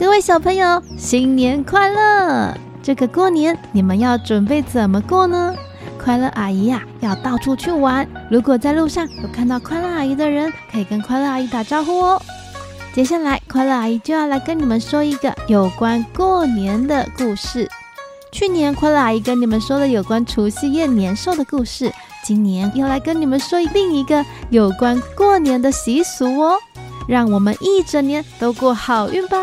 各位小朋友，新年快樂！這個過年你們要準備怎麼過呢？快樂阿姨呀、啊，要到處去玩。如果在路上有看到快樂阿姨的人，可以跟快樂阿姨打招呼哦。接下來，快樂阿姨就要來跟你們說一個有關過年的故事。去年快樂阿姨跟你們說了有關除夕夜年獸的故事，今年又來跟你們說另一個有關過年的習俗哦。讓我們一整年都過好運吧！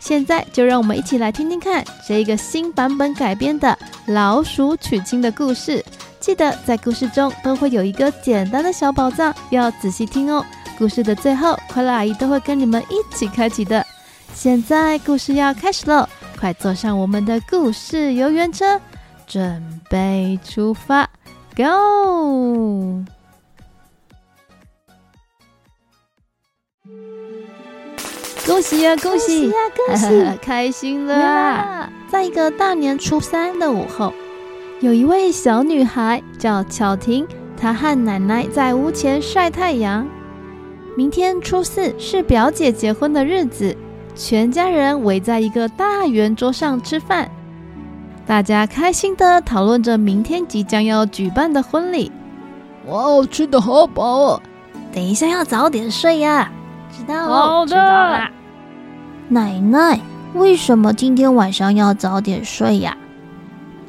現在就讓我們一起來聽聽看這一個新版本改編的《老鼠娶親》的故事。記得在故事中都會有一個簡單的小寶藏，要仔細聽哦。故事的最後，快樂阿姨都會跟你們一起開啟的。現在故事要開始嘍，快坐上我們的故事遊園車，準備出發，Go！恭喜呀、啊，恭喜呀，恭喜、啊啊！開心了。Yeah, 在一個大年初三的午後，有一位小女孩叫巧婷，她和奶奶在屋前曬太陽。明天初四是表姐結婚的日子，全家人圍在一個大圓桌上吃飯，大家開心地討論着明天即將要舉辦的婚禮。哇哦，吃得好飽哦、啊！等一下要早點睡呀、啊，知道知、哦、好的。奶奶，為什麼今天晚上要早點睡呀？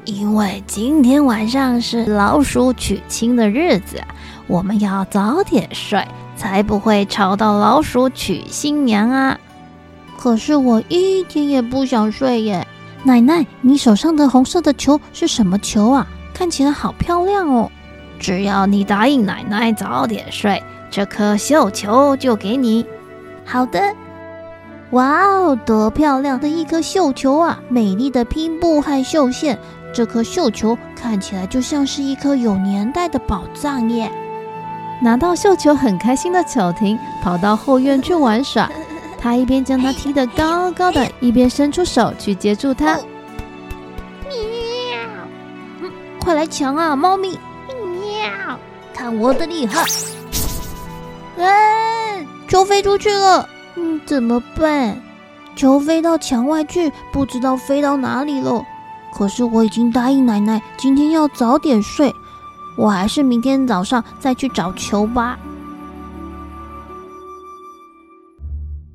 因為今天晚上是老鼠娶親的日子，我們要早點睡，才不會吵到老鼠娶新娘啊。可是我一點也不想睡耶。奶奶，你手上的紅色的球是什麼球啊？看起來好漂亮哦。只要你答應奶奶早點睡，這顆繡球就給你。好的。哇哦，多漂亮的一顆繡球啊！美麗的拼布和繡線，這顆繡球看起來就像是一顆有年代的寶藏耶！拿到繡球很開心的巧婷跑到後院去玩耍，她 一邊將它踢得高高的， 一邊伸出手去接住它。喵、嗯，快來搶啊，貓咪！喵，看我的厲害！哎，球飛出去了。嗯，怎麼辦？球飛到牆外去，不知道飛到哪裡了。可是我已經答應奶奶，今天要早點睡，我還是明天早上再去找球吧。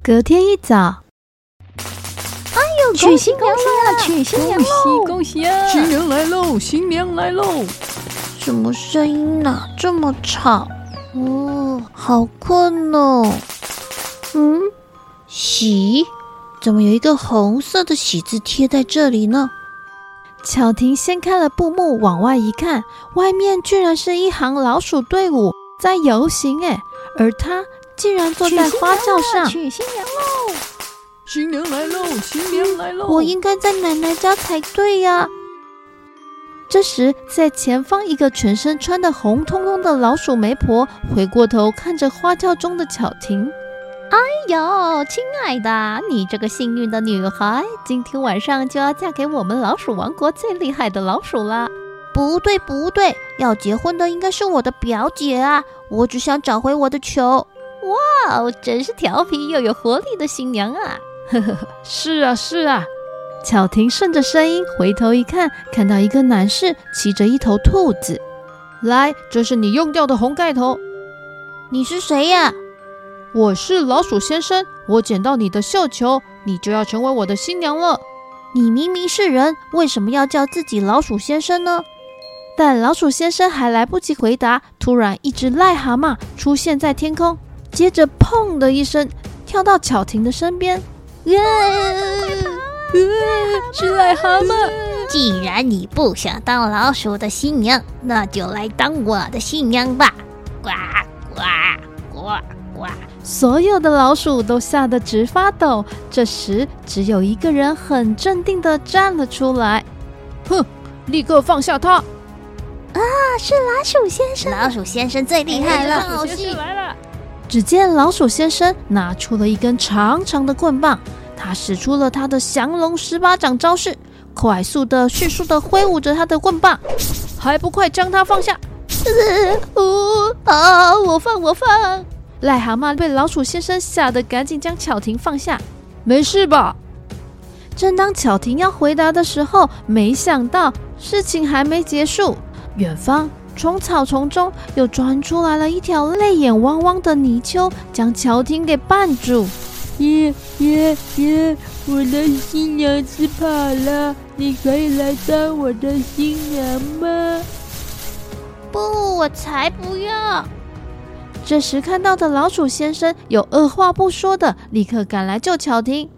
隔天一早，哎呦！娶新娘啦！娶新娘嘍！恭喜恭喜啊！新娘來嘍！新娘來嘍！什麼聲音啊？這麼吵！哦，好困哦。嗯。喜，怎麼有一個紅色的喜字貼在這裡呢？巧婷掀開了布幕，往外一看，外面居然是一行老鼠隊伍在遊行，哎，而她竟然坐在花轎上。娶新娘嘍！新娘來嘍！新娘來嘍！嗯，我應該在奶奶家才對呀。這時，在前方一個全身穿的紅彤彤的老鼠媒婆回過頭看着花轎中的巧婷。哎呦，親愛的，你這個幸運的女孩，今天晚上就要嫁給我們老鼠王國最厲害的老鼠了。不對不對，要結婚的應該是我的表姐啊！我只想找回我的球。哇哦，真是調皮又有活力的新娘啊！呵呵呵，是啊是啊。巧婷順着聲音回頭一看，看到一個男士騎着一頭兔子。來，這是你用掉的紅蓋頭。你是誰呀？我是老鼠先生，我撿到你的繡球，你就要成為我的新娘了。你明明是人，為什麼要叫自己老鼠先生呢？但老鼠先生還來不及回答，突然一只癩蛤蟆出現在天空，接着砰的一聲跳到巧婷的身邊。啊啊啊啊。是癩蛤蟆。既然你不想當老鼠的新娘，那就來當我的新娘吧。呱呱呱！呱哇，所有的老鼠都嚇得直發抖。這時，只有一個人很鎮定的站了出來。哼！立刻放下他！啊，是老鼠先生！老鼠先生最厲害了！啊、老鼠先生來了。只見老鼠先生拿出了一根長長的棍棒，他使出了他的降龍十八掌招式，快速的、迅速的揮舞着他的棍棒，還不快將他放下？嗚、呃呃呃啊、我放，我放。癩蛤蟆被老鼠先生嚇得，趕緊將巧婷放下，沒事吧？正當巧婷要回答的時候，沒想到事情還沒結束，遠方從草叢中又鑽出來了一條淚眼汪汪的泥鰍，將巧婷給絆住。嚶嚶嚶，我的新娘子跑了，你可以來當我的新娘嗎？不，我才不要。這時看到的老鼠先生，有二話不說的，立刻趕來救巧婷。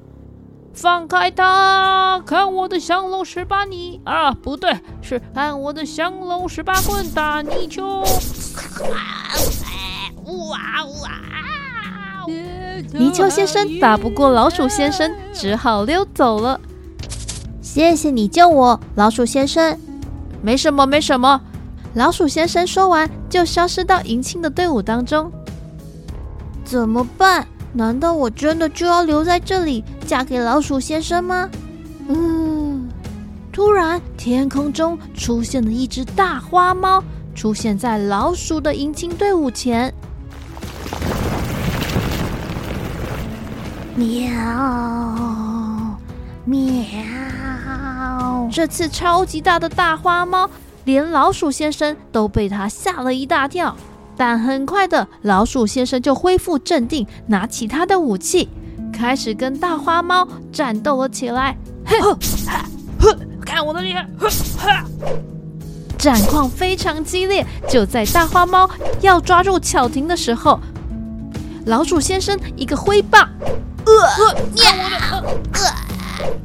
放開他！看我的降龍十八你，啊，不對，是看我的降龍十八棍打泥鰍。嗚啊嗚啊！呃、呃呃呃呃呃呃，泥鰍先生打不過老鼠先生，只好溜走了。謝謝你救我，老鼠先生。沒什麼，沒什麼。老鼠先生說完，就消失到迎親的隊伍當中。怎麼辦？難道我真的就要留在這裡，嫁給老鼠先生嗎？嗯。突然，天空中出現了一隻大花貓，出現在老鼠的迎親隊伍前。喵！喵！這次超級大的大花貓。連老鼠先生都被他嚇了一大跳，但很快的老鼠先生就恢復鎮定，拿起他的武器，開始跟大花貓戰鬥了起來。嘿，看我的厲害！戰況非常激烈，就在大花貓要抓住巧婷的時候，老鼠先生一個揮棒。呃我呃。呃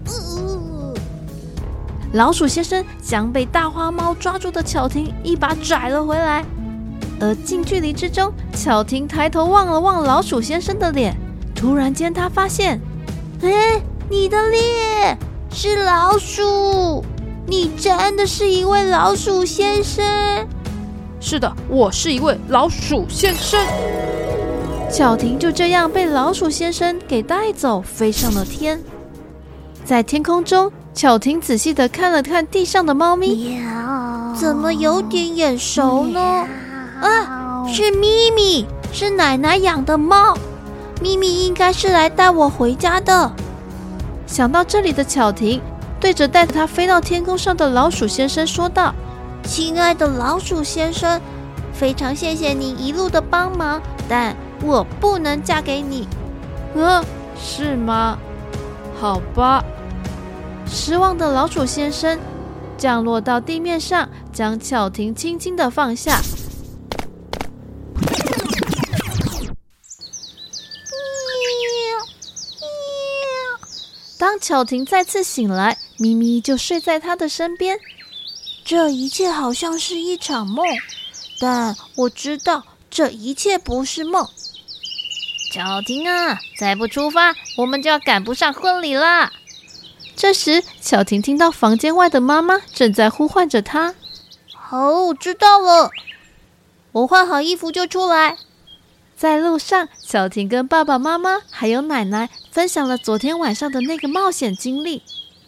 呃老鼠先生將被大花貓抓住的巧婷一把拽了回來，而近距離之中，巧婷抬頭望了望老鼠先生的臉，突然間她發現，哎，你的臉是老鼠，你真的是一位老鼠先生。是的，我是一位老鼠先生。巧婷就這樣被老鼠先生給帶走，飛上了天，在天空中。巧婷仔細的看了看地上的貓咪，怎麼有點眼熟呢？啊，是咪咪，是奶奶養的貓。咪咪應該是來帶我回家的。想到這裡的巧婷，對着帶着她飛到天空上的老鼠先生說道：“親愛的老鼠先生，非常謝謝你一路的幫忙，但我不能嫁給你。”“呃，是嗎？好吧。”失望的老鼠先生降落到地面上，將巧婷輕輕的放下。當巧婷再次醒來，咪咪就睡在她的身邊。這一切好像是一場夢，但我知道這一切不是夢。巧婷啊，再不出發，我們就要趕不上婚禮了。這時，小婷聽到房間外的媽媽正在呼喚着她。好，我知道了，我換好衣服就出來。在路上，小婷跟爸爸媽媽還有奶奶分享了昨天晚上的那個冒險經歷。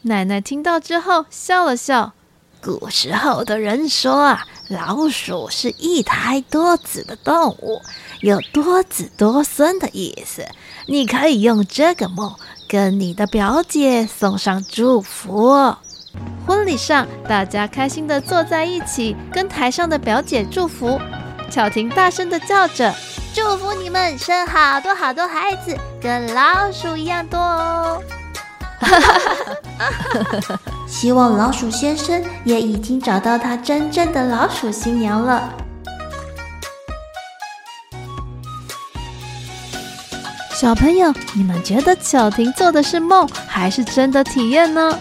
奶奶聽到之後笑了笑，古時候的人說啊。老鼠是一胎多子的動物，有多子多孫的意思。你可以用這個夢跟你的表姐送上祝福。婚禮上，大家開心的坐在一起，跟台上的表姐祝福。巧婷大聲的叫着：“祝福你們生好多好多孩子，跟老鼠一樣多哦！”哈哈哈哈哈！希望老鼠先生也已經找到他真正的老鼠新娘了。小朋友，你們覺得巧婷做的是夢還是真的體驗呢？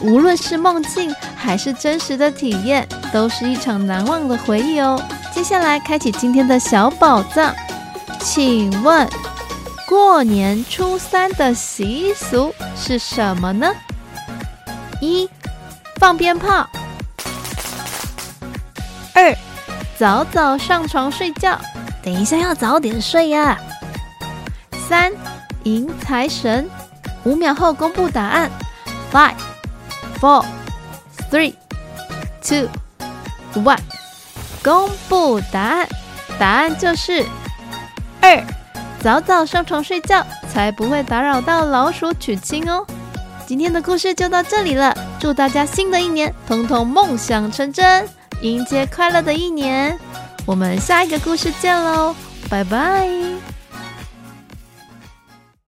無論是夢境還是真實的體驗，都是一場難忘的回憶哦。接下來開啟今天的小寶藏。請問，過年初三的習俗是什麼呢？一放鞭炮，二早早上床睡覺，等一下要早點睡呀。三迎財神，五秒後公布答案。Five, four, three, two, one，公布答案，答案就是二，早早上床睡覺才不會打擾到老鼠娶親哦。今天的故事就到這裡了，祝大家新的一年通通夢想成真，迎接快樂的一年！我們下一個故事見嘍，拜拜。